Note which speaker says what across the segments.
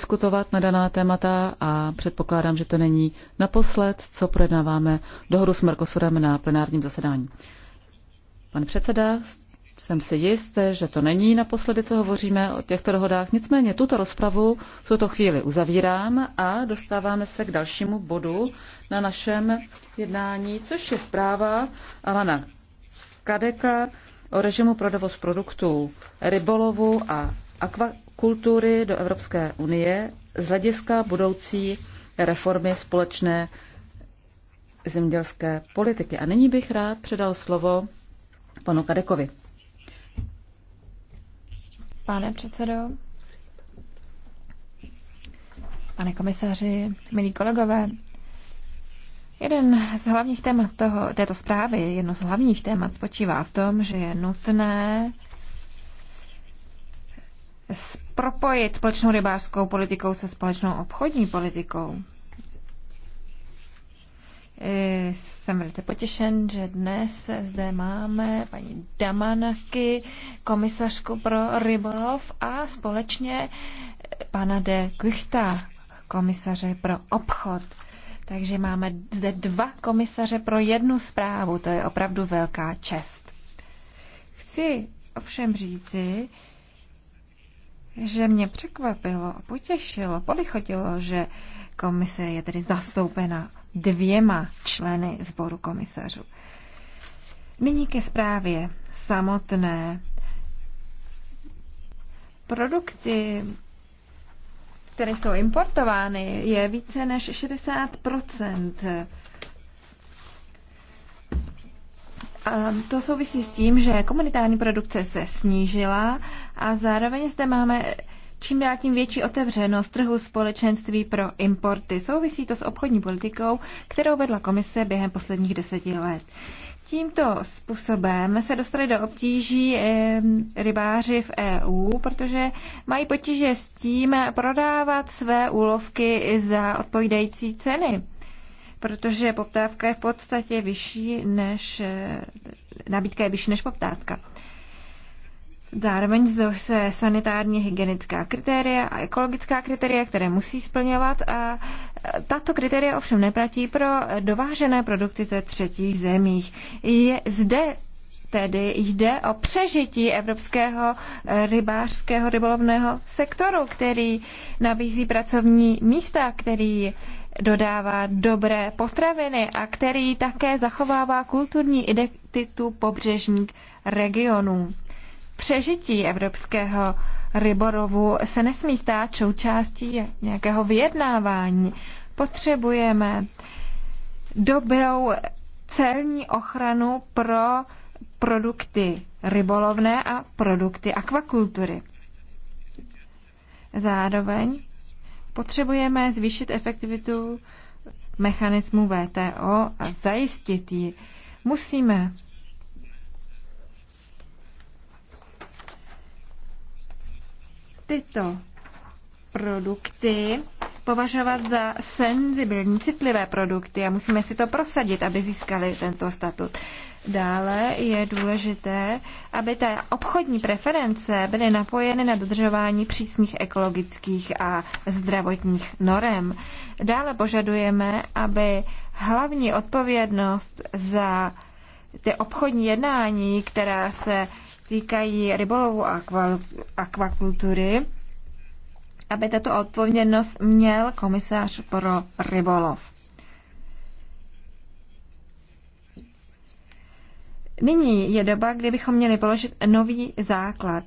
Speaker 1: diskutovat na daná témata a předpokládám, že to není naposled, co projednáváme dohodu s Mercosurem na plenárním zasedání. Pan předseda, jsem si jist, že to není naposledy, co hovoříme o těchto dohodách. Nicméně tuto rozpravu v tuto chvíli uzavírám a dostáváme se k dalšímu bodu na našem jednání, což je zpráva Alana Kadeka o režimu pro dovoz produktů rybolovu a akvakultury do Evropské unie z hlediska budoucí reformy společné zemědělské politiky. A nyní bych rád předal slovo panu Kadekovi. Pane předsedo,
Speaker 2: pane komisaři, milí kolegové, jeden z hlavních témat toho, této zprávy, jedno z hlavních témat spočívá v tom, že je nutné propojit společnou rybářskou politikou se společnou obchodní politikou. E, jsem velice potěšen, že dnes zde máme paní Damanaky, komisařku pro rybolov a společně e, pana de Kuchta, komisaře pro obchod. Takže máme zde dva komisaře pro jednu zprávu. To je opravdu velká čest. Chci ovšem říci, že mě překvapilo, a potěšilo, polichotilo, že komise je tedy zastoupena dvěma členy sboru komisařů. Nyní ke zprávě samotné. Produkty, které jsou importovány, je více než 60 to souvisí s tím, že komunitární produkce se snížila a zároveň zde máme čím dál tím větší otevřenost trhu společenství pro importy. Souvisí to s obchodní politikou, kterou vedla komise během posledních deseti let. Tímto způsobem se dostali do obtíží rybáři v EU, protože mají potíže s tím prodávat své úlovky za odpovídající ceny protože poptávka je v podstatě vyšší než, nabídka je vyšší než poptávka. Zároveň zde se sanitárně hygienická kritéria a ekologická kritéria, které musí splňovat. A tato kritéria ovšem neplatí pro dovážené produkty ze třetích zemích. Je zde tedy jde o přežití evropského eh, rybářského rybolovného sektoru, který nabízí pracovní místa, který dodává dobré potraviny a který také zachovává kulturní identitu pobřežních regionů. Přežití evropského ryborovu se nesmí stát součástí nějakého vyjednávání. Potřebujeme dobrou celní ochranu pro produkty rybolovné a produkty akvakultury. Zároveň Potřebujeme zvýšit efektivitu mechanismu VTO a zajistit ji. Musíme tyto produkty považovat za senzibilní, citlivé produkty a musíme si to prosadit, aby získali tento statut. Dále je důležité, aby ta obchodní preference byly napojeny na dodržování přísných ekologických a zdravotních norem. Dále požadujeme, aby hlavní odpovědnost za ty obchodní jednání, která se týkají rybolovu a akvakultury, aby tato odpovědnost měl komisař pro rybolov. Nyní je doba, kdybychom bychom měli položit nový základ.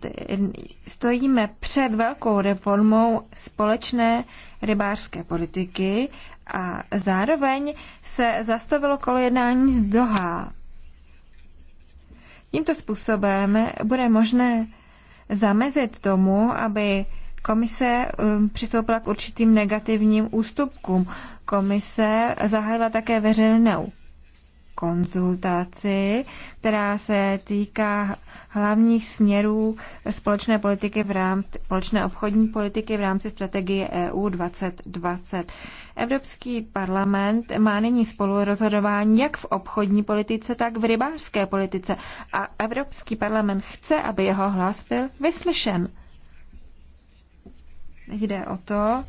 Speaker 2: Stojíme před velkou reformou společné rybářské politiky a zároveň se zastavilo kolo jednání z Doha. Tímto způsobem bude možné zamezit tomu, aby Komise um, přistoupila k určitým negativním ústupkům. Komise zahájila také veřejnou konzultaci, která se týká hlavních směrů společné politiky v rámci společné obchodní politiky v rámci strategie EU 2020. Evropský parlament má nyní spolu rozhodování, jak v obchodní politice, tak v rybářské politice a Evropský parlament chce, aby jeho hlas byl vyslyšen. Jde o to,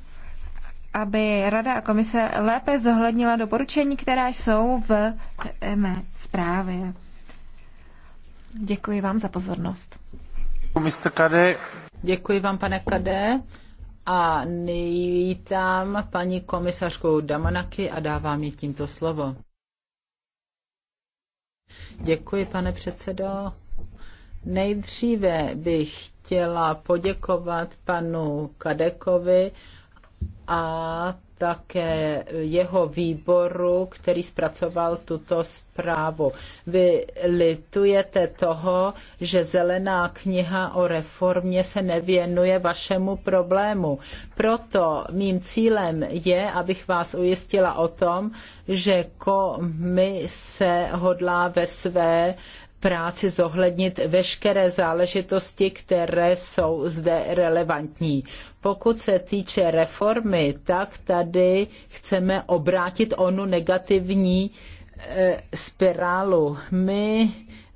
Speaker 2: aby Rada a Komise lépe zohlednila doporučení, která jsou v mé zprávě. Děkuji vám za pozornost.
Speaker 3: Děkuji vám, pane Kade. A nyní paní komisařku Damanaky a dávám jí tímto slovo. Děkuji, pane předsedo. Nejdříve bych chtěla poděkovat panu Kadekovi a také jeho výboru, který zpracoval tuto zprávu. Vy litujete toho, že zelená kniha o reformě se nevěnuje vašemu problému. Proto mým cílem je, abych vás ujistila o tom, že komise hodlá ve své práci zohlednit veškeré záležitosti, které jsou zde relevantní. Pokud se týče reformy, tak tady chceme obrátit onu negativní eh, spirálu. My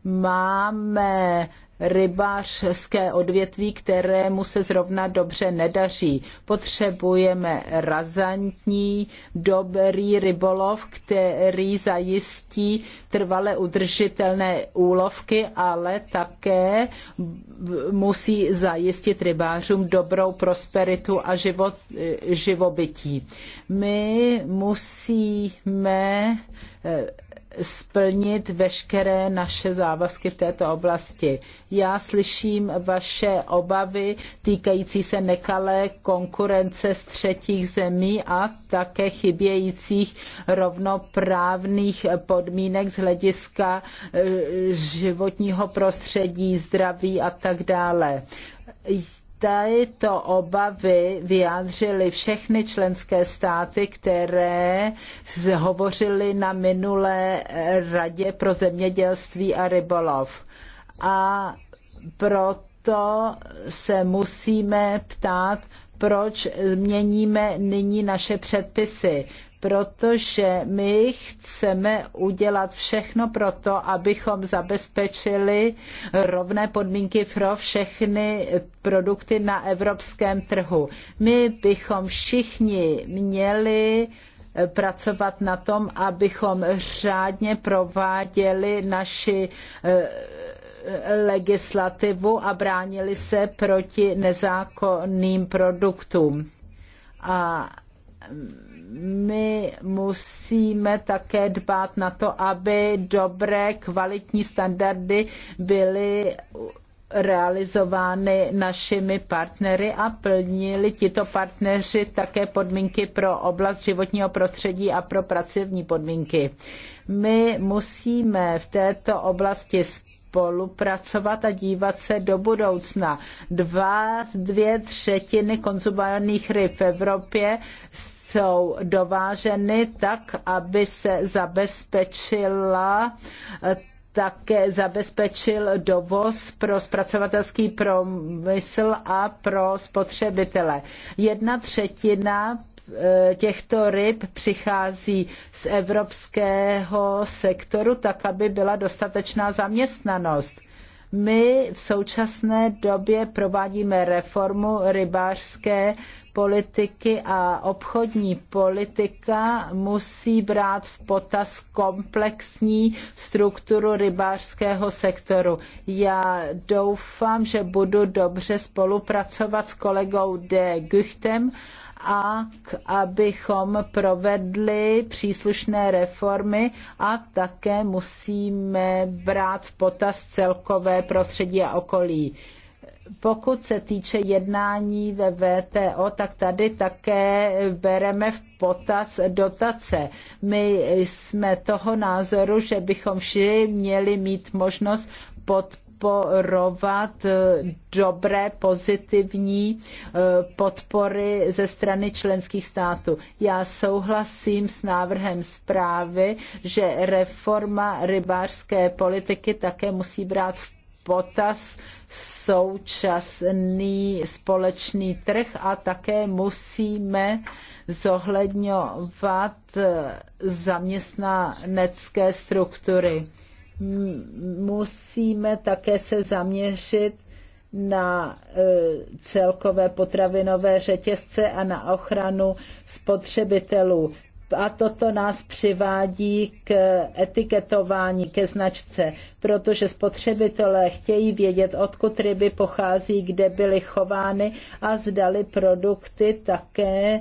Speaker 3: máme rybářské odvětví, kterému se zrovna dobře nedaří. Potřebujeme razantní, dobrý rybolov, který zajistí trvale udržitelné úlovky, ale také musí zajistit rybářům dobrou prosperitu a život, živobytí. My musíme eh, splnit veškeré naše závazky v této oblasti. Já slyším vaše obavy týkající se nekalé konkurence z třetích zemí a také chybějících rovnoprávných podmínek z hlediska e, životního prostředí, zdraví a tak dále této obavy vyjádřily všechny členské státy, které hovořily na minulé radě pro zemědělství a rybolov. A proto se musíme ptát, proč měníme nyní naše předpisy protože my chceme udělat všechno pro to, abychom zabezpečili rovné podmínky pro všechny produkty na evropském trhu. My bychom všichni měli pracovat na tom, abychom řádně prováděli naši eh, legislativu a bránili se proti nezákonným produktům. A my musíme také dbát na to, aby dobré kvalitní standardy byly realizovány našimi partnery a plnili tito partneři také podmínky pro oblast životního prostředí a pro pracovní podmínky. My musíme v této oblasti spolupracovat a dívat se do budoucna. Dva, dvě třetiny konzumovaných ryb v Evropě jsou dováženy tak, aby se zabezpečila eh, také zabezpečil dovoz pro zpracovatelský promysl a pro spotřebitele. Jedna třetina eh, těchto ryb přichází z evropského sektoru, tak aby byla dostatečná zaměstnanost. My v současné době provádíme reformu rybářské politiky a obchodní politika musí brát v potaz komplexní strukturu rybářského sektoru. Já doufám, že budu dobře spolupracovat s kolegou de Guchtem a abychom provedli příslušné reformy a také musíme brát v potaz celkové prostředí a okolí. Pokud se týče jednání ve VTO, tak tady také bereme v potaz dotace. My jsme toho názoru, že bychom všichni měli mít možnost podporovat eh, dobré, pozitivní eh, podpory ze strany členských států. Já souhlasím s návrhem zprávy, že reforma rybářské politiky také musí brát v potaz současný společný trh a také musíme zohledňovat eh, zaměstnanecké struktury. Musíme také se zaměřit na eh, celkové potravinové řetězce a na ochranu spotřebitelů a toto nás přivádí k etiketování, ke značce, protože spotřebitelé chtějí vědět, odkud ryby pochází, kde byly chovány a zdali produkty také e,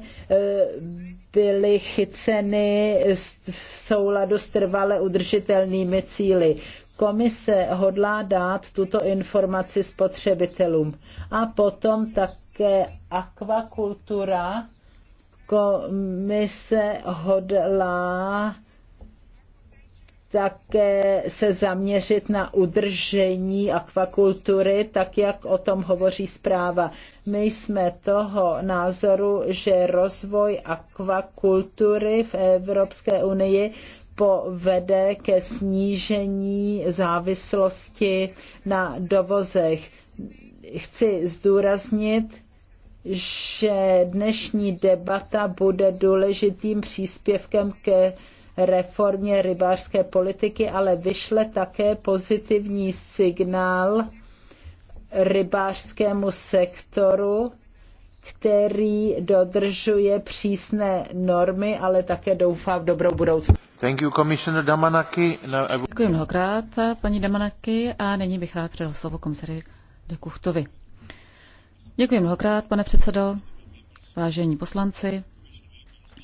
Speaker 3: byly chyceny v souladu s trvale udržitelnými cíly. Komise hodlá dát tuto informaci spotřebitelům. A potom také akvakultura Komise hodlá také se zaměřit na udržení akvakultury, tak jak o tom hovoří zpráva. My jsme toho názoru, že rozvoj akvakultury v Evropské unii povede ke snížení závislosti na dovozech. Chci zdůraznit, že dnešní debata bude důležitým příspěvkem ke reformě rybářské politiky, ale vyšle také pozitivní signál rybářskému sektoru, který dodržuje přísné normy, ale také doufá v dobrou budoucnost.
Speaker 2: Thank you, Commissioner Damanaki. No, I... Děkuji
Speaker 1: mnohokrát, paní Damanaki, a nyní bych rád předal slovo komisaři Dekuchtovi. Děkuji mnohokrát, pane předsedo, vážení poslanci.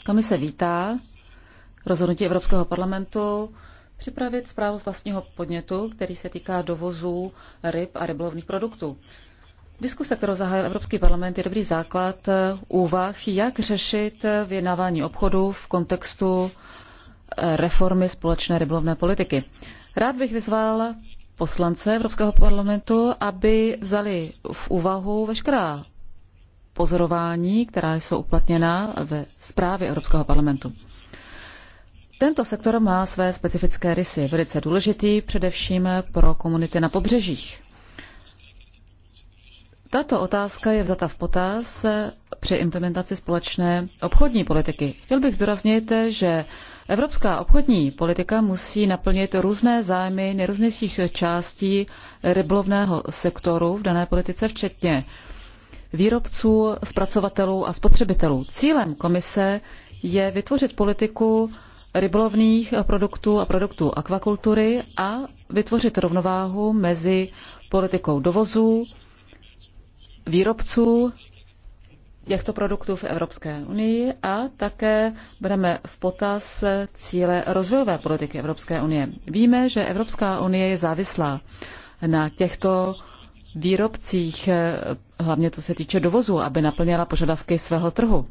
Speaker 1: Komise vítá rozhodnutí Evropského parlamentu připravit zprávu z vlastního podnětu, který se týká dovozů ryb a rybolovných produktů. Diskuse, kterou zahájil Evropský parlament, je dobrý základ úvah, jak řešit vyjednávání obchodu v kontextu reformy společné rybolovné politiky. Rád bych vyzval poslance Evropského parlamentu, aby vzali v úvahu veškerá pozorování, která jsou uplatněna ve zprávě Evropského parlamentu. Tento sektor má své specifické rysy, velice důležitý především pro komunity na pobřežích. Tato otázka je vzata v potaz při implementaci společné obchodní politiky. Chtěl bych zdůraznit, že Evropská obchodní politika musí naplnit různé zájmy nejrůznějších částí rybolovného sektoru v dané politice, včetně výrobců, zpracovatelů a spotřebitelů. Cílem komise je vytvořit politiku rybolovných produktů a produktů akvakultury a vytvořit rovnováhu mezi politikou dovozu, výrobců těchto produktů v Evropské unii a také budeme v potaz cíle rozvojové politiky Evropské unie. Víme, že Evropská unie je závislá na těchto výrobcích, hlavně to se týče dovozu, aby naplněla požadavky svého trhu.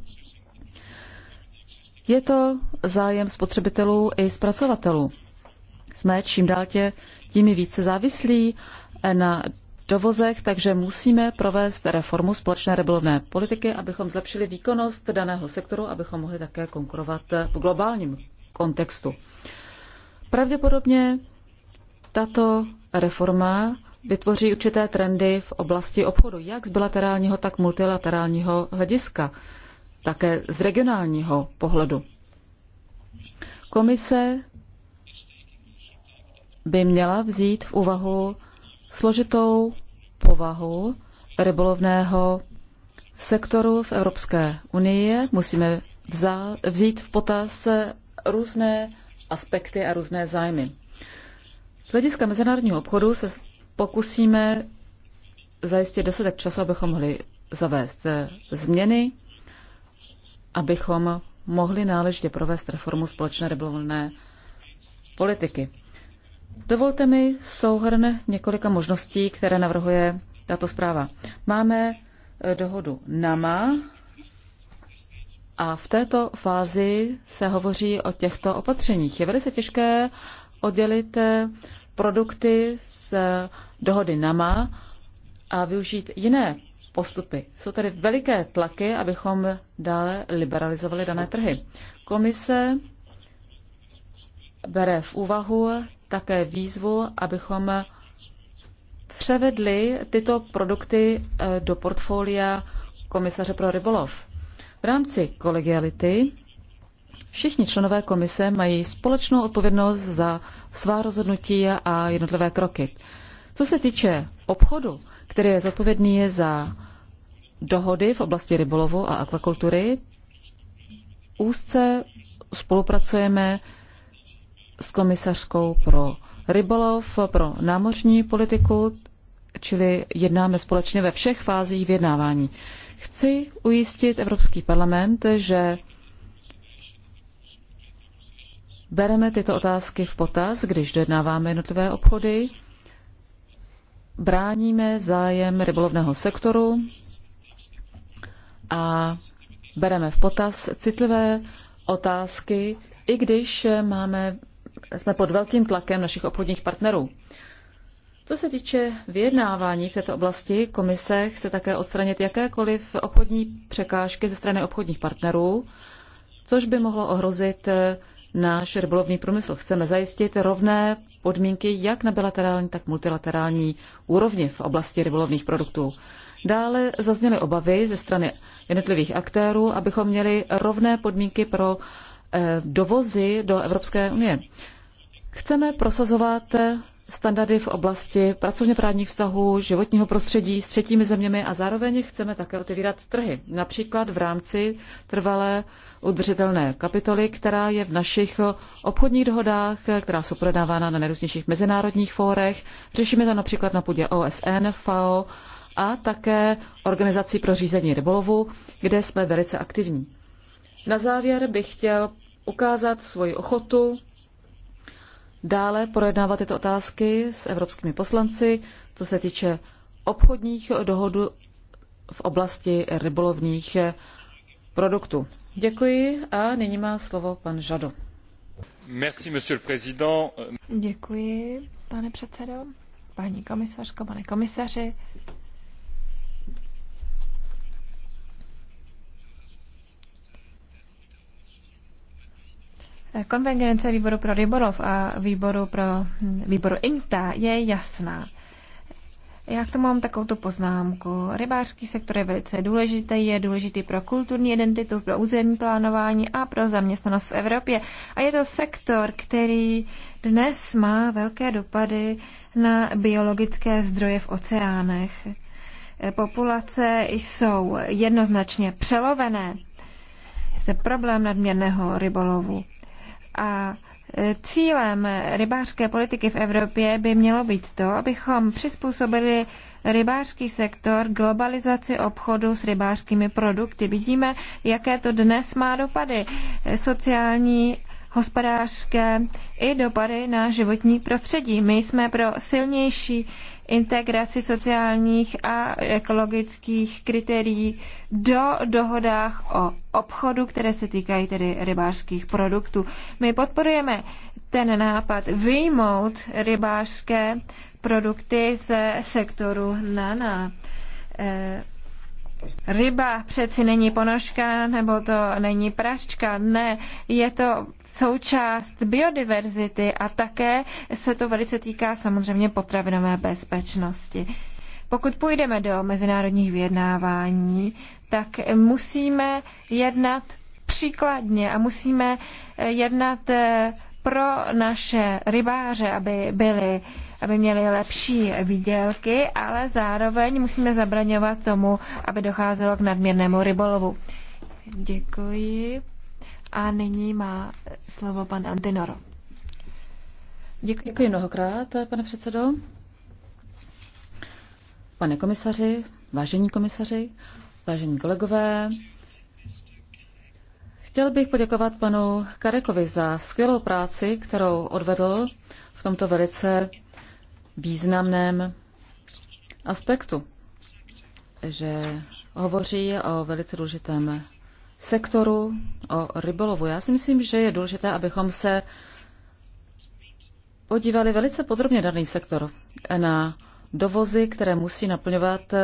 Speaker 1: Je to zájem spotřebitelů i zpracovatelů. Jsme čím dál tě, tím více závislí na dovozech, takže musíme provést reformu společné rybolovné politiky, abychom zlepšili výkonnost daného sektoru, abychom mohli také konkurovat v globálním kontextu. Pravděpodobně tato reforma vytvoří určité trendy v oblasti obchodu, jak z bilaterálního, tak multilaterálního hlediska, také z regionálního pohledu. Komise by měla vzít v úvahu složitou povahu rybolovného sektoru v Evropské unii. Musíme vzít v potaz různé aspekty a různé zájmy. Z hlediska mezinárodního obchodu se pokusíme zajistit dostatek času, abychom mohli zavést změny, abychom mohli náležitě provést reformu společné rybolovné politiky. Dovolte mi souhrn několika možností, které navrhuje tato zpráva. Máme e, dohodu NAMA a v této fázi se hovoří o těchto opatřeních. Je velice těžké oddělit e, produkty z e, dohody NAMA a využít jiné postupy. Jsou tady veliké tlaky, abychom dále liberalizovali dané trhy. Komise bere v úvahu také výzvu, abychom převedli tyto produkty eh, do portfolia komisaře pro rybolov. V rámci kolegiality všichni členové komise mají společnou odpovědnost za svá rozhodnutí a jednotlivé kroky. Co se týče obchodu, který je zodpovědný za dohody v oblasti rybolovu a akvakultury, úzce spolupracujeme s komisařkou pro rybolov, pro námořní politiku, čili jednáme společně ve všech fázích vyjednávání. Chci ujistit Evropský parlament, že bereme tyto otázky v potaz, když dojednáváme jednotlivé obchody, bráníme zájem rybolovného sektoru a bereme v potaz citlivé otázky, i když máme jsme pod velkým tlakem našich obchodních partnerů. Co se týče vyjednávání v této oblasti, komise chce také odstranit jakékoliv obchodní překážky ze strany obchodních partnerů, což by mohlo ohrozit eh, náš rybolovný průmysl. Chceme zajistit rovné podmínky jak na bilaterální, tak multilaterální úrovni v oblasti rybolovných produktů. Dále zazněly obavy ze strany jednotlivých aktérů, abychom měli rovné podmínky pro eh, dovozy do Evropské unie. Chceme prosazovat standardy v oblasti pracovně právních vztahů, životního prostředí s třetími zeměmi a zároveň chceme také otevírat trhy. Například v rámci trvalé udržitelné kapitoly, která je v našich obchodních dohodách, která jsou prodávána na nejrůznějších mezinárodních fórech. Řešíme to například na půdě OSN, FAO a také Organizací pro řízení rybolovu, kde jsme velice aktivní. Na závěr bych chtěl ukázat svoji ochotu dále projednávat tyto otázky s evropskými poslanci, co se týče obchodních dohod v oblasti rybolovních produktů. Děkuji a nyní má slovo pan Žado. Merci, monsieur le président. Děkuji, pane předsedo, paní komisařko, pane komisaři.
Speaker 2: Konvergence výboru pro rybolov a výboru pro výboru INTA je jasná. Já k tomu mám takovou poznámku. Rybářský sektor je velice důležitý, je důležitý pro kulturní identitu, pro územní plánování a pro zaměstnanost v Evropě. A je to sektor, který dnes má velké dopady na biologické zdroje v oceánech. Populace jsou jednoznačně přelovené. Je problém nadměrného rybolovu. A e, cílem rybářské politiky v Evropě by mělo být to, abychom přizpůsobili rybářský sektor globalizaci obchodu s rybářskými produkty. Vidíme, jaké to dnes má dopady e, sociální hospodářské i dopady na životní prostředí. My jsme pro silnější integraci sociálních a ekologických kritérií do dohodách o obchodu, které se týkají tedy rybářských produktů. My podporujeme ten nápad vyjmout rybářské produkty ze sektoru NANA. Eh, Ryba přeci není ponožka nebo to není praščka, ne, je to součást biodiverzity a také se to velice týká samozřejmě potravinové bezpečnosti. Pokud půjdeme do mezinárodních vyjednávání, tak musíme jednat příkladně a musíme jednat eh, pro naše rybáře, aby byli aby měli lepší výdělky, ale zároveň musíme zabraňovat tomu, aby docházelo k nadměrnému rybolovu. Děkuji. A nyní má slovo pan Antinoro.
Speaker 1: Děkuji. Děkuji mnohokrát, pane předsedo. Pane komisaři, vážení komisaři, vážení kolegové, chtěl bych poděkovat panu Karekovi za skvělou práci, kterou odvedl v tomto velice významném aspektu, že hovoří o velice důležitém sektoru, o rybolovu. Já si myslím, že je důležité, abychom se podívali velice podrobně daný sektor na dovozy, které musí naplňovat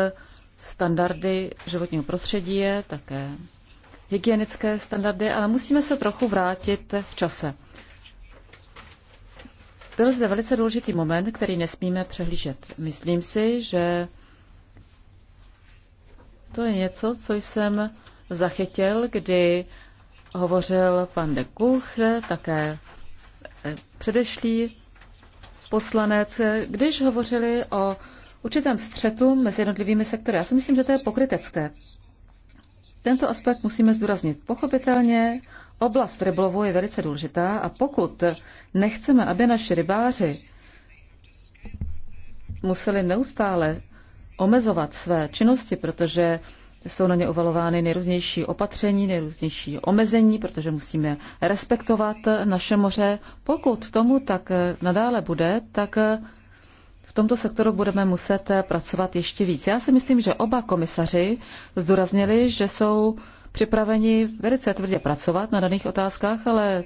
Speaker 1: standardy životního prostředí, také hygienické standardy, ale musíme se trochu vrátit v čase. Byl zde velice důležitý moment, který nesmíme přehlížet. Myslím si, že to je něco, co jsem zachytil, kdy hovořil pan de Kuch, také eh, předešlý poslanec, když hovořili o určitém střetu mezi jednotlivými sektory. Já si myslím, že to je pokrytecké. Tento aspekt musíme zdůraznit. Pochopitelně Oblast rybolovu je velice důležitá a pokud nechceme, aby naši rybáři museli neustále omezovat své činnosti, protože jsou na ně uvalovány nejrůznější opatření, nejrůznější omezení, protože musíme respektovat naše moře. Pokud tomu tak nadále bude, tak v tomto sektoru budeme muset pracovat ještě víc. Já si myslím, že oba komisaři zdůraznili, že jsou připraveni velice tvrdě pracovat na daných otázkách, ale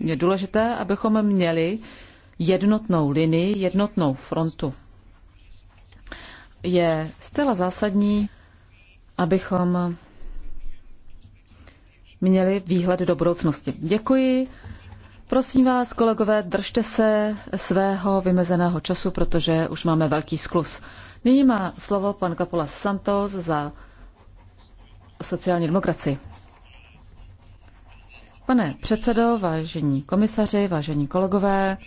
Speaker 1: je důležité, abychom měli jednotnou linii, jednotnou frontu. Je zcela zásadní, abychom měli výhled do budoucnosti. Děkuji. Prosím vás, kolegové, držte se svého vymezeného času, protože už máme velký sklus. Nyní má slovo pan Kapola Santos za sociální demokraci. Pane předsedo, vážení komisaři, vážení kolegové,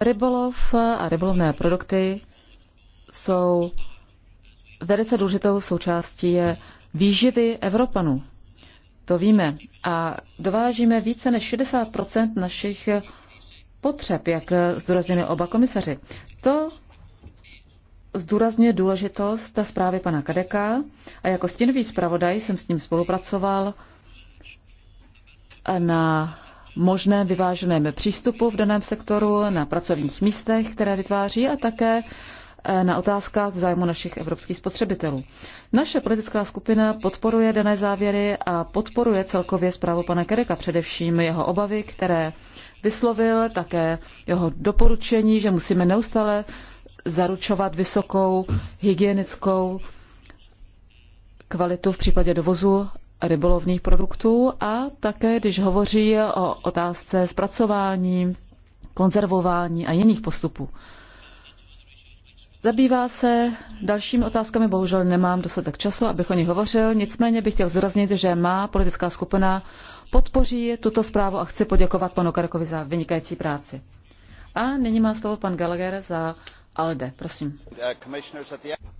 Speaker 1: rybolov a rybolovné produkty jsou velice důležitou součástí výživy Evropanů. To víme. A dovážíme více než 60 našich potřeb, jak zdůraznili oba komisaři. To zdůrazňuje důležitost zprávy pana Kadeka a jako stěnový zpravodaj jsem s ním spolupracoval na možném vyváženém přístupu v daném sektoru, na pracovních místech, které vytváří a také eh, na otázkách v zájmu našich evropských spotřebitelů. Naše politická skupina podporuje dané závěry a podporuje celkově zprávu pana Kereka, především jeho obavy, které vyslovil, také jeho doporučení, že musíme neustále zaručovat vysokou hygienickou kvalitu v případě dovozu rybolovných produktů a také, když hovoří o otázce zpracování, konzervování a jiných postupů. Zabývá se dalšími otázkami, bohužel nemám dostatek času, abych o nich hovořil, nicméně bych chtěl zdůraznit, že má politická skupina podpoří tuto zprávu a chci poděkovat panu Karkovi za vynikající práci.
Speaker 3: A nyní má slovo pan Gallagher za Alde, prosím. Uh,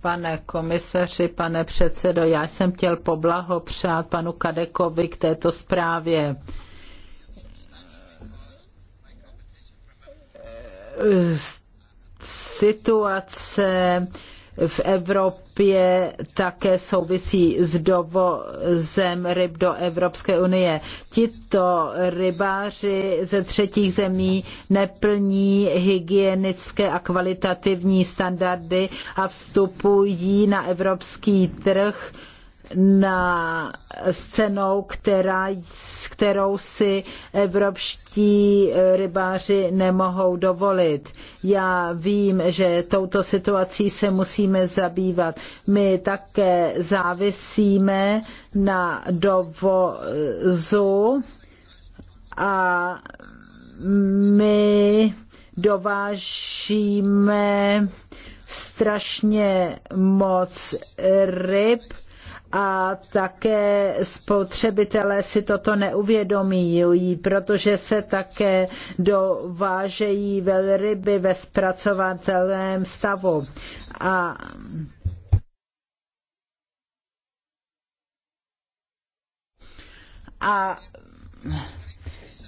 Speaker 3: pane komisaři, pane předsedo, já jsem chtěl poblahopřát panu Kadekovi k této zprávě. Eh, situace v Evropě také souvisí s dovozem ryb do Evropské unie. Tito rybáři ze třetích zemí neplní hygienické a kvalitativní standardy a vstupují na evropský trh na, s která, s kterou si evropští rybáři nemohou dovolit. Já vím, že touto situací se musíme zabývat. My také závisíme na dovozu a my dovážíme strašně moc ryb a také spotřebitelé si toto neuvědomují, protože se také dovážejí velryby ve zpracovatelném stavu. A a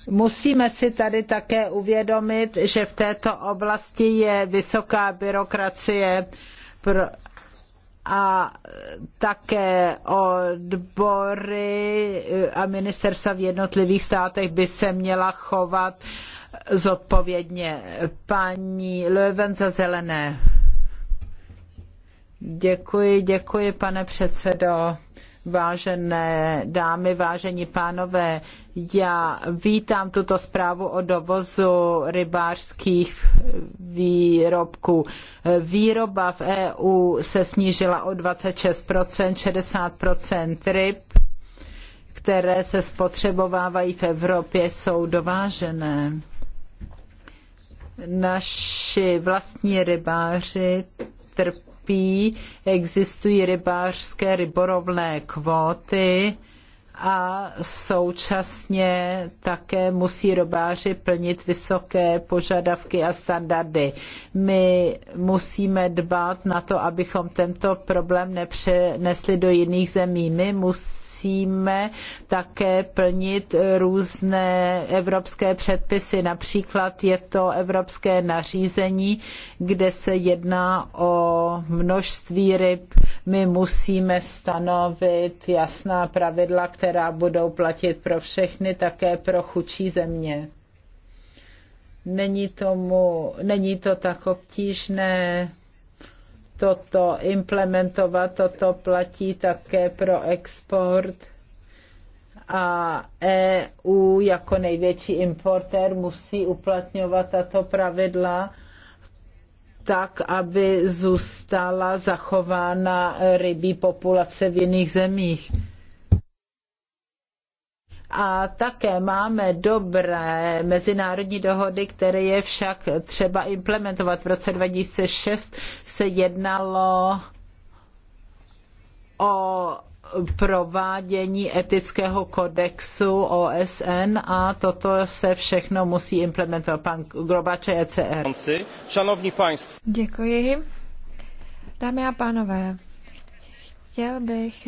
Speaker 3: Musíme si tady také uvědomit, že v této oblasti je vysoká byrokracie a také odbory a ministerstva v jednotlivých státech by se měla chovat zodpovědně. Paní Löwen za zelené. Děkuji, děkuji, pane předsedo. Vážené dámy, vážení pánové, já vítám tuto zprávu o dovozu rybářských výrobků. Výroba v EU se snížila o 26%, 60% ryb, které se spotřebovávají v Evropě, jsou dovážené. Naši vlastní rybáři trpí tropí existují rybářské rybolovné kvóty a současně také musí rybáři plnit vysoké požadavky a standardy. My musíme dbát na to, abychom tento problém nepřenesli do jiných zemí. My musíme musíme také plnit různé evropské předpisy. Například je to evropské nařízení, kde se jedná o množství ryb. My musíme stanovit jasná pravidla, která budou platit pro všechny, také pro chudší země. Není, tomu, není to tak obtížné toto implementovat. Toto platí také pro export a EU jako největší importér musí uplatňovat tato pravidla tak, aby zůstala zachována rybí populace v jiných zemích a také máme dobré mezinárodní dohody, které je však třeba implementovat. V roce 2006 se jednalo o provádění etického kodexu OSN a toto se všechno musí implementovat. Pan Grobače ECR. Děkuji. Dámy a
Speaker 2: pánové, chtěl bych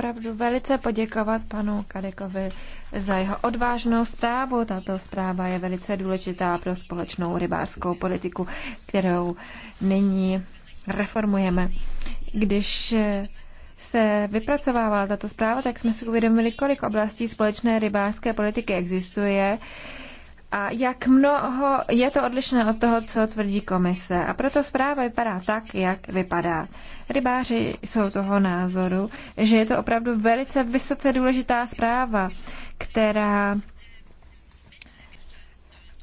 Speaker 2: opravdu velice poděkovat panu Kadekovi za jeho odvážnou zprávu. Tato zpráva je velice důležitá pro společnou rybářskou politiku, kterou nyní reformujeme. Když se vypracovávala tato zpráva, tak jsme si uvědomili, kolik oblastí společné rybářské politiky existuje a jak mnoho je to odlišné od toho, co tvrdí komise. A proto zpráva vypadá tak, jak vypadá. Rybáři jsou toho názoru, že je to opravdu velice vysoce důležitá zpráva, která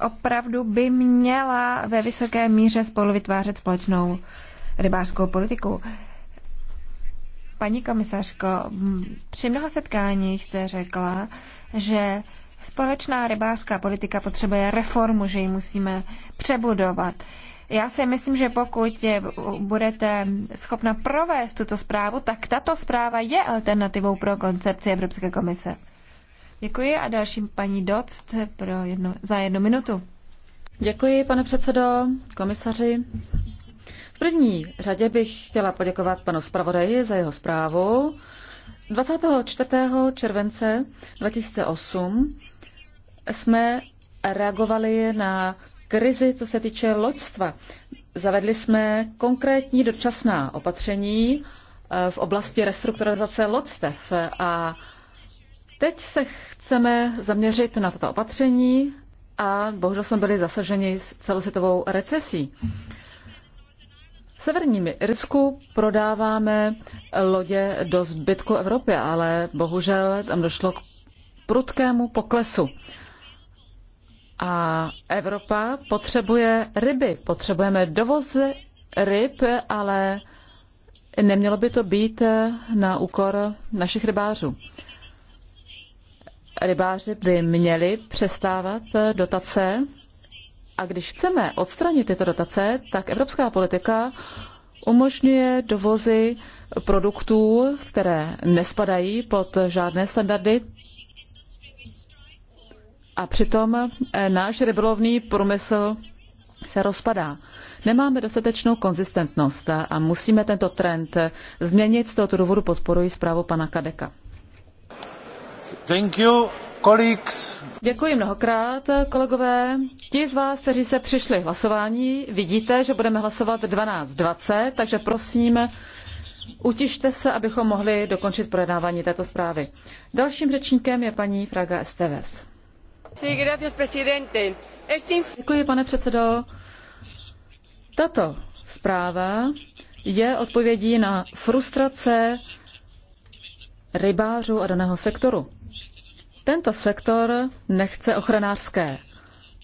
Speaker 2: opravdu by měla ve vysoké míře spolu vytvářet společnou rybářskou politiku. Paní komisařko, při mnoha setkáních jste řekla, že Společná rybářská politika potřebuje reformu, že ji musíme přebudovat. Já si myslím, že pokud je, budete schopna provést tuto zprávu, tak tato zpráva je alternativou pro koncepci Evropské komise. Děkuji a dalším paní Doct pro jedno, za jednu minutu.
Speaker 1: Děkuji, pane předsedo, komisaři. V první řadě bych chtěla poděkovat panu zpravodaji za jeho zprávu. 24. července 2008 jsme reagovali na krizi, co se týče loďstva. Zavedli jsme konkrétní dočasná opatření eh, v oblasti restrukturalizace lodstev a teď se chceme zaměřit na tato opatření a bohužel jsme byli zasaženi celosvětovou recesí. V severním Irsku prodáváme lodě do zbytku Evropy, ale bohužel tam došlo k prudkému poklesu. A Evropa potřebuje ryby, potřebujeme dovoz ryb, ale nemělo by to být na úkor našich rybářů. Rybáři by měli přestávat dotace a když chceme odstranit tyto dotace, tak evropská politika umožňuje dovozy produktů, které nespadají pod žádné standardy, a přitom eh, náš rybolovný průmysl se rozpadá. Nemáme dostatečnou konzistentnost a musíme tento trend změnit. Z tohoto důvodu podporuji zprávu pana Kadeka. Thank you, colleagues. Děkuji mnohokrát, kolegové. Ti z vás, kteří se přišli hlasování, vidíte, že budeme hlasovat 12.20, takže prosím, utište se, abychom mohli dokončit projednávání této zprávy. Dalším řečníkem je paní Fraga Esteves. Děkuji, pane předsedo. Tato zpráva je odpovědí na frustrace rybářů a daného sektoru. Tento sektor nechce ochranářské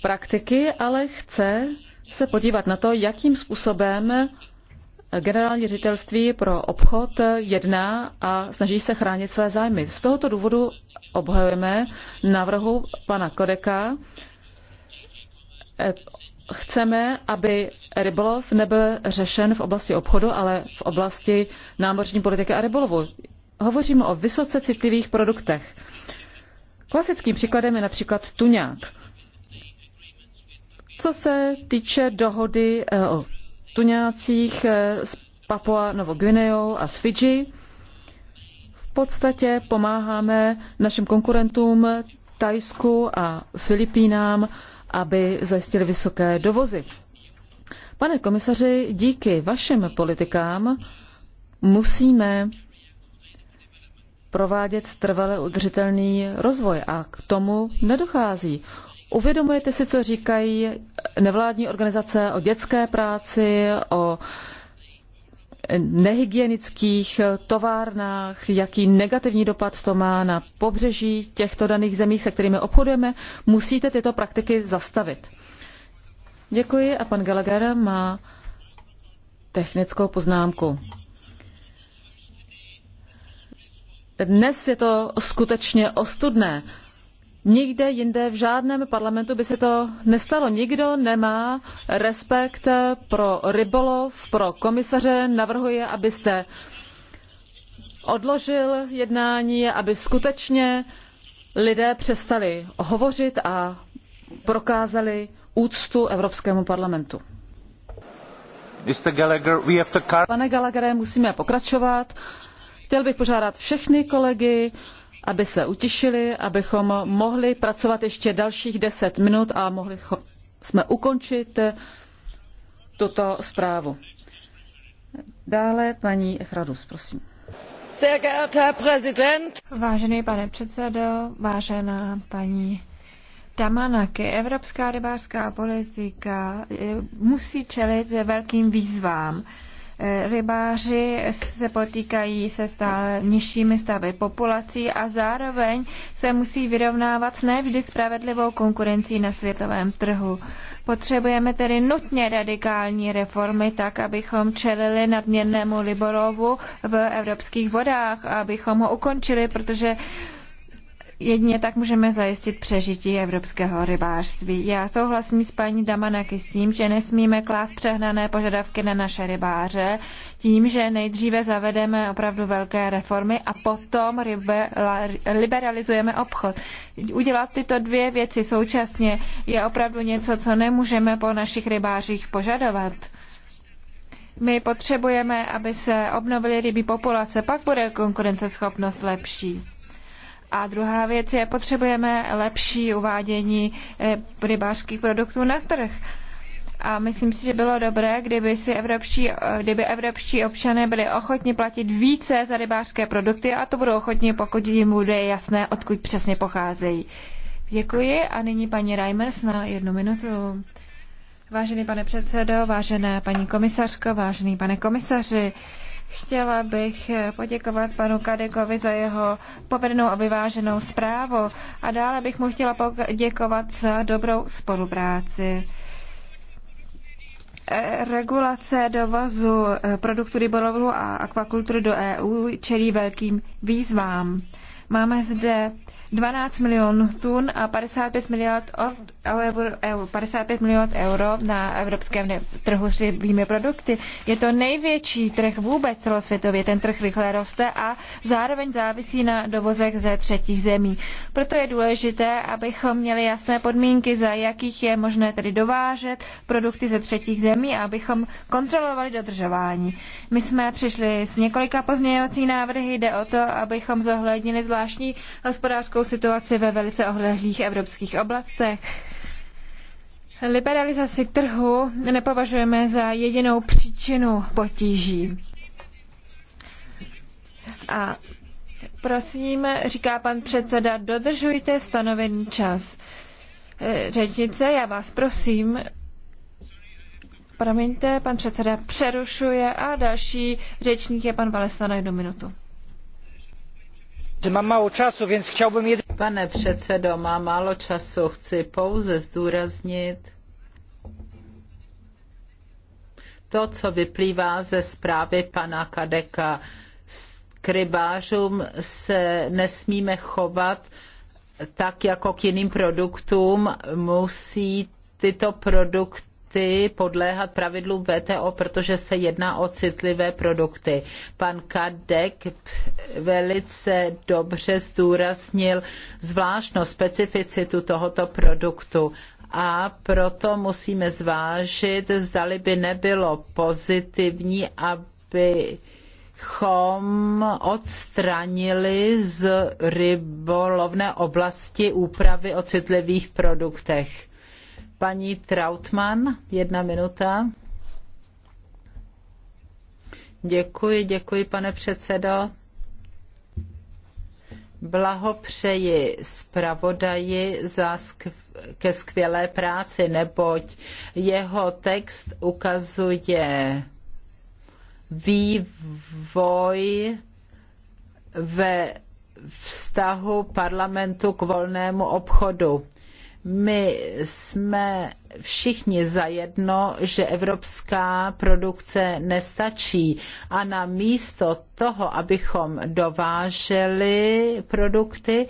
Speaker 1: praktiky, ale chce se podívat na to, jakým způsobem generální ředitelství pro obchod jedná a snaží se chránit své zájmy. Z tohoto důvodu obhajujeme návrhu pana Kodeka. Eh, chceme, aby rybolov nebyl řešen v oblasti obchodu, ale v oblasti námořní politiky a rybolovu. Hovoříme o vysoce citlivých produktech. Klasickým příkladem je například tuňák. Co se týče dohody eh, o tuňácích eh, z Papua Novou a z Fidži. V podstatě pomáháme našim konkurentům Tajsku a Filipínám, aby zajistili vysoké dovozy. Pane komisaři, díky vašim politikám musíme provádět trvale udržitelný rozvoj a k tomu nedochází. Uvědomujete si, co říkají nevládní organizace o dětské práci, o nehygienických továrnách, jaký negativní dopad to má na pobřeží těchto daných zemí, se kterými obchodujeme, musíte tyto praktiky zastavit. Děkuji a pan Gallagher má technickou poznámku. Dnes je to skutečně ostudné. Nikde jinde v žádném parlamentu by se to nestalo. Nikdo nemá respekt pro rybolov, pro komisaře. Navrhuje, abyste odložil jednání, aby skutečně lidé přestali hovořit a prokázali úctu Evropskému parlamentu. Pane Gallagheri, musíme pokračovat. Chtěl bych požádat všechny kolegy, aby se utišili, abychom mohli pracovat ještě dalších deset minut a mohli jsme ukončit eh, tuto zprávu. Dále paní Efradus, prosím.
Speaker 2: Vážený pane předsedo, vážená paní Tamanaky, evropská rybářská politika eh, musí čelit velkým výzvám. Rybáři se potýkají se stále nižšími stavy populací a zároveň se musí vyrovnávat s nevždy spravedlivou konkurencí na světovém trhu. Potřebujeme tedy nutně radikální reformy tak, abychom čelili nadměrnému liborovu v evropských vodách, abychom ho ukončili, protože Jedině tak můžeme zajistit přežití evropského rybářství. Já souhlasím s paní Damanaky s tím, že nesmíme klást přehnané požadavky na naše rybáře, tím, že nejdříve zavedeme opravdu velké reformy a potom liberalizujeme obchod. Udělat tyto dvě věci současně je opravdu něco, co nemůžeme po našich rybářích požadovat. My potřebujeme, aby se obnovily rybí populace, pak bude konkurenceschopnost lepší. A druhá věc je, potřebujeme lepší uvádění eh, rybářských produktů na trh. A myslím si, že bylo dobré, kdyby, si evropští, eh, kdyby evropští občané byli ochotni platit více za rybářské produkty a to budou ochotni, pokud jim bude jasné, odkud přesně pocházejí. Děkuji a nyní paní Reimers na jednu minutu. Vážený pane předsedo, vážená paní komisařko, vážený pane komisaři, Chtěla bych poděkovat panu Kadekovi za jeho povedenou a vyváženou zprávu a dále bych mu chtěla poděkovat za dobrou spolupráci. Regulace dovozu eh, produktů rybolovu a akvakultury do EU čelí velkým výzvám. Máme zde 12 milionů tun a 55 miliard eur, 55 miliard euro na evropském trhu s rybými produkty. Je to největší trh vůbec celosvětově. Ten trh rychle roste a zároveň závisí na dovozech ze třetích zemí. Proto je důležité, abychom měli jasné podmínky, za jakých je možné tedy dovážet produkty ze třetích zemí a abychom kontrolovali dodržování. My jsme přišli s několika pozměňovací návrhy. Jde o to, abychom zohlednili zvláštní hospodářskou politickou situaci ve velice ohlehlých evropských oblastech. Liberalizaci trhu nepovažujeme za jedinou příčinu potíží. A prosím, říká pan předseda, dodržujte stanovený čas. Eh, řečnice, já vás prosím, promiňte, pan předseda přerušuje a další řečník je pan Valesa na jednu minutu.
Speaker 3: Pane předsedo, mám málo času, chci pouze zdůraznit to, co vyplývá ze zprávy pana Kadeka. K rybářům se nesmíme chovat tak jako k jiným produktům, musí tyto produkty produkty podléhat pravidlům VTO, protože se jedná o citlivé produkty. Pan Kadek velice dobře zdůraznil zvláštnost, specificitu tohoto produktu a proto musíme zvážit, zdali by nebylo pozitivní, abychom odstranili z rybolovné oblasti úpravy o citlivých produktech. Paní Trautmann, jedna minuta. Děkuji, děkuji, pane předsedo. Blahopřeji zpravodaji za skvělé ke skvělé práci, neboť jeho text ukazuje vývoj ve vztahu parlamentu k volnému obchodu. My jsme všichni zajedno, že evropská produkce nestačí a na místo toho, abychom dováželi produkty,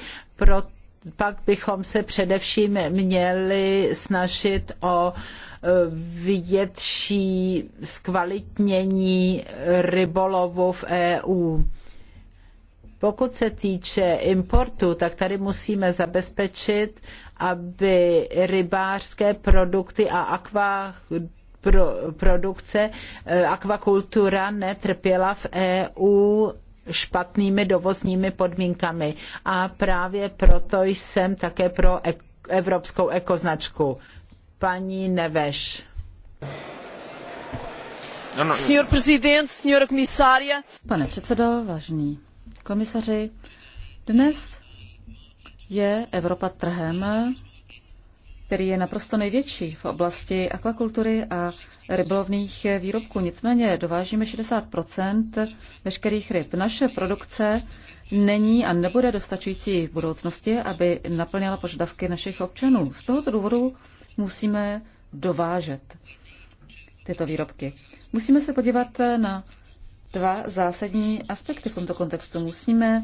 Speaker 3: pak bychom se především měli snažit o e, větší zkvalitnění rybolovu v EU. Pokud se týče importu, tak tady musíme zabezpečit, aby rybářské produkty a akva produkce, eh, akvakultura netrpěla v EU špatnými dovozními podmínkami. A právě proto jsem také pro evropskou ekoznačku. Paní Neveš.
Speaker 1: Pane předsedo, vážný komisaři, dnes je Evropa trhem, který je naprosto největší v oblasti akvakultury a rybolovných výrobků. Nicméně dovážíme 60 veškerých ryb. Naše produkce není a nebude dostačující v budoucnosti, aby naplněla požadavky našich občanů. Z tohoto důvodu musíme dovážet tyto výrobky. Musíme se podívat na dva zásadní aspekty v tomto kontextu. Musíme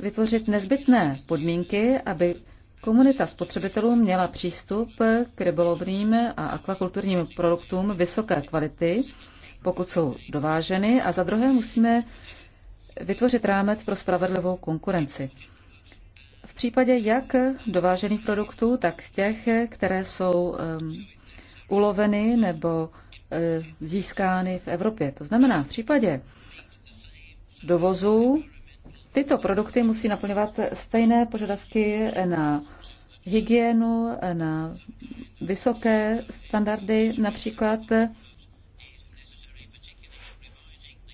Speaker 1: vytvořit nezbytné podmínky, aby komunita spotřebitelů měla přístup k rybolovným a akvakulturním produktům vysoké kvality, pokud jsou dováženy, a za druhé musíme vytvořit rámec pro spravedlivou konkurenci. V případě jak dovážených produktů, tak těch, které jsou um, uloveny nebo E, získány v Evropě. To znamená, v případě dovozu tyto produkty musí naplňovat stejné požadavky na hygienu, na vysoké standardy. Například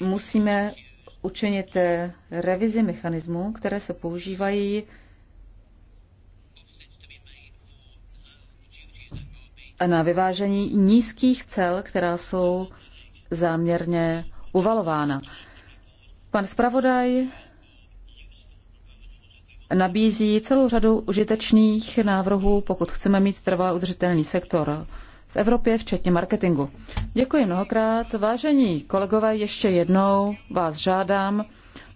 Speaker 1: musíme učinit revizi mechanismů, které se používají na vyvážení nízkých cel, která jsou záměrně uvalována. Pan zpravodaj nabízí celou řadu užitečných návrhů, pokud chceme mít trvalý udržitelný sektor v Evropě, včetně marketingu. Děkuji mnohokrát. Vážení kolegové, ještě jednou vás žádám,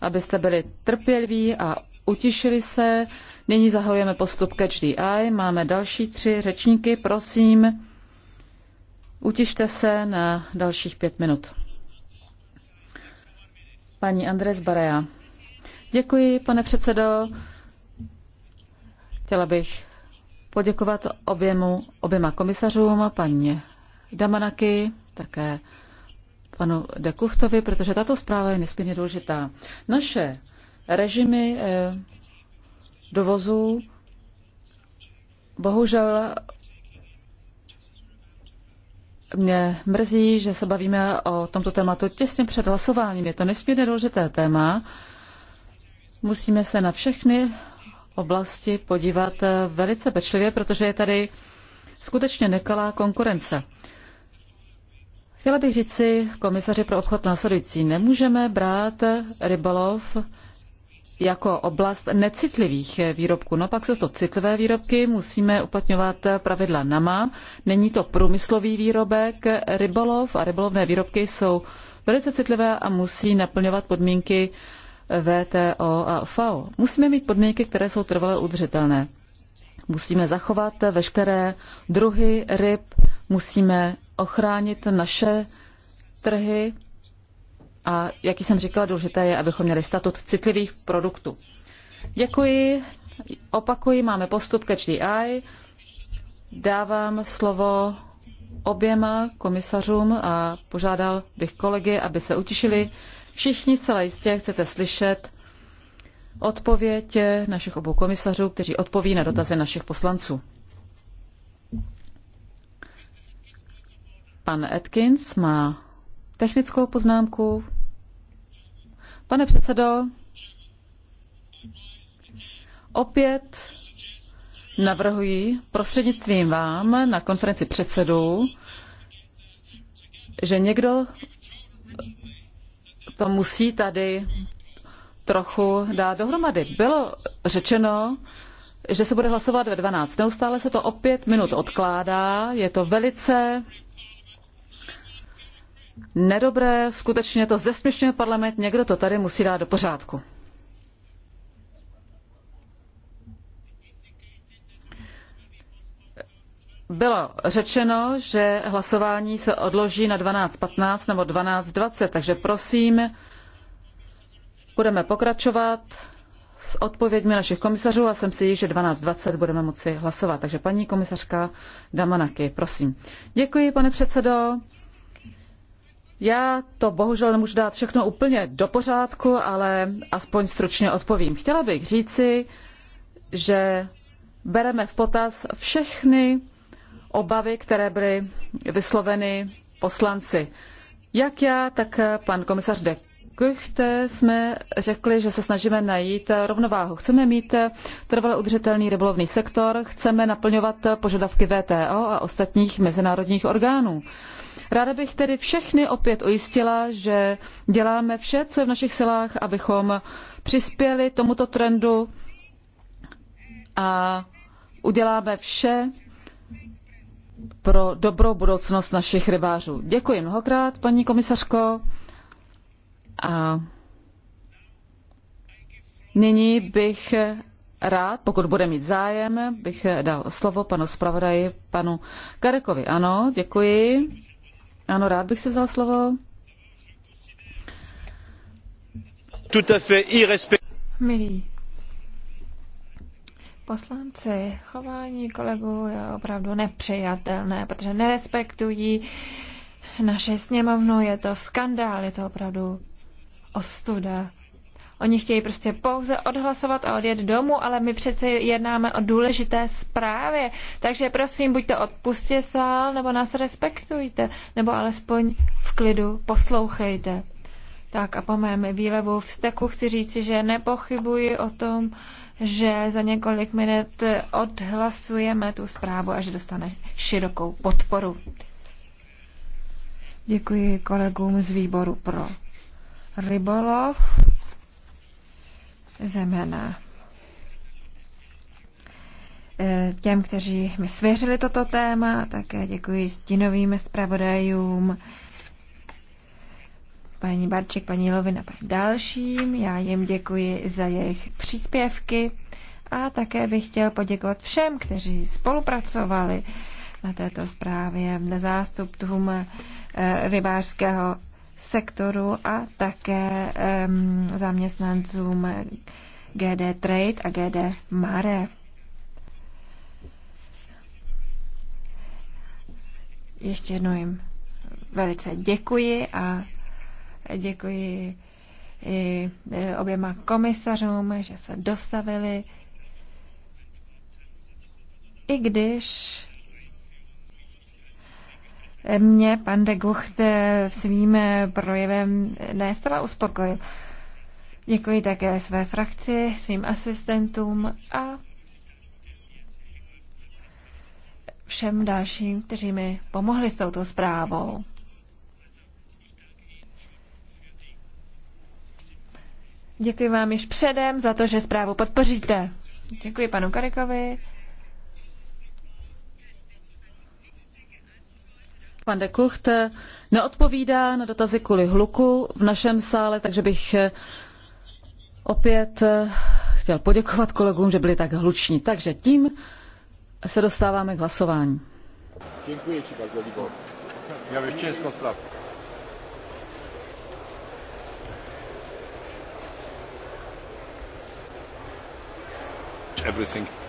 Speaker 1: abyste byli trpěliví a utišili se. Nyní zahajujeme postup Catch the Eye. Máme další tři řečníky. Prosím, utište se na dalších pět minut. Paní Andres Barea. Děkuji, pane předsedo. Chtěla bych poděkovat oběmu, oběma komisařům, paní Damanaky, také panu Dekuchtovi, protože tato zpráva je nesmírně důležitá. Naše režimy eh, dovozu. Bohužel mě mrzí, že se bavíme o tomto tématu těsně před hlasováním. Je to nesmírně důležité téma. Musíme se na všechny oblasti podívat velice pečlivě, protože je tady skutečně nekalá konkurence. Chtěla bych říci komisaři pro obchod následující. Nemůžeme brát rybolov jako oblast necitlivých výrobků. No pak jsou to citlivé výrobky, musíme uplatňovat pravidla NAMA. Není to průmyslový výrobek, rybolov a rybolovné výrobky jsou velice citlivé a musí naplňovat podmínky VTO a FAO. Musíme mít podmínky, které jsou trvale udržitelné. Musíme zachovat veškeré druhy ryb, musíme ochránit naše trhy, a jak jsem říkala, důležité je, abychom měli statut citlivých produktů. Děkuji. Opakuji, máme postup ke HDI. Dávám slovo oběma komisařům a požádal bych kolegy, aby se utišili. Všichni celé jistě chcete slyšet odpověď našich obou komisařů, kteří odpoví na dotazy našich poslanců. Pan Atkins má technickou poznámku. Pane předsedo, opět navrhuji prostřednictvím vám na konferenci předsedů, že někdo to musí tady trochu dát dohromady. Bylo řečeno, že se bude hlasovat ve 12. Neustále se to opět minut odkládá, je to velice nedobré, skutečně to zesměšňuje parlament, někdo to tady musí dát do pořádku. Bylo řečeno, že hlasování se odloží na 12.15 nebo 12.20, takže prosím, budeme pokračovat s odpověďmi našich komisařů a jsem si jist, že 12.20 budeme moci hlasovat. Takže paní komisařka Damanaky, prosím. Děkuji, pane předsedo. Já to bohužel nemůžu dát všechno úplně do pořádku, ale aspoň stručně odpovím. Chtěla bych říci, že bereme v potaz všechny obavy, které byly vysloveny poslanci. Jak já, tak pan komisař De Guchte jsme řekli, že se snažíme najít rovnováhu. Chceme mít trvale udržitelný rybolovný sektor, chceme naplňovat požadavky VTO a ostatních mezinárodních orgánů. Ráda bych tedy všechny opět ujistila, že děláme vše, co je v našich silách, abychom přispěli tomuto trendu a uděláme vše pro dobrou budoucnost našich rybářů. Děkuji mnohokrát, paní komisařko. A nyní bych rád, pokud bude mít zájem, bych dal slovo panu zpravodaji, panu Karekovi. Ano, děkuji. Ano, rád bych si vzal slovo. Milí
Speaker 2: poslanci, chování kolegů je opravdu nepřijatelné, protože nerespektují naše sněmovnu, je to skandál, je to opravdu ostuda. Oni chtějí prostě pouze odhlasovat a odjet domů, ale my přece jednáme o důležité zprávě. Takže prosím, buď to odpustě sál, nebo nás respektujte, nebo alespoň v klidu poslouchejte. Tak a po mém výlevu v steku chci říci, že nepochybuji o tom, že za několik minut odhlasujeme tu zprávu a že dostane širokou podporu. Děkuji kolegům z výboru pro rybolov, zemena. E, těm, kteří mi svěřili toto téma, také děkuji stínovým zpravodajům, paní Barček, paní Lovin a paní dalším. Já jim děkuji za jejich příspěvky a také bych chtěl poděkovat všem, kteří spolupracovali na této zprávě, zástupcům e, rybářského sektoru a také um, zaměstnancům GD Trade a GD Mare. Ještě jednou jim velice děkuji a děkuji i e, oběma komisařům, že se dostavili, i když mě pan de Gucht eh, svým eh, projevem ne zcela uspokojil. Děkuji také své frakci, svým asistentům a všem dalším, kteří mi pomohli s touto zprávou. Děkuji vám již předem za to, že zprávu podpoříte. Děkuji panu Karikovi.
Speaker 1: Pan de Kucht neodpovídá na dotazy kvůli hluku v našem sále, takže bych opět chtěl poděkovat kolegům, že byli tak hluční. Takže tím se dostáváme k hlasování.
Speaker 3: Děkuji Já bych Everything.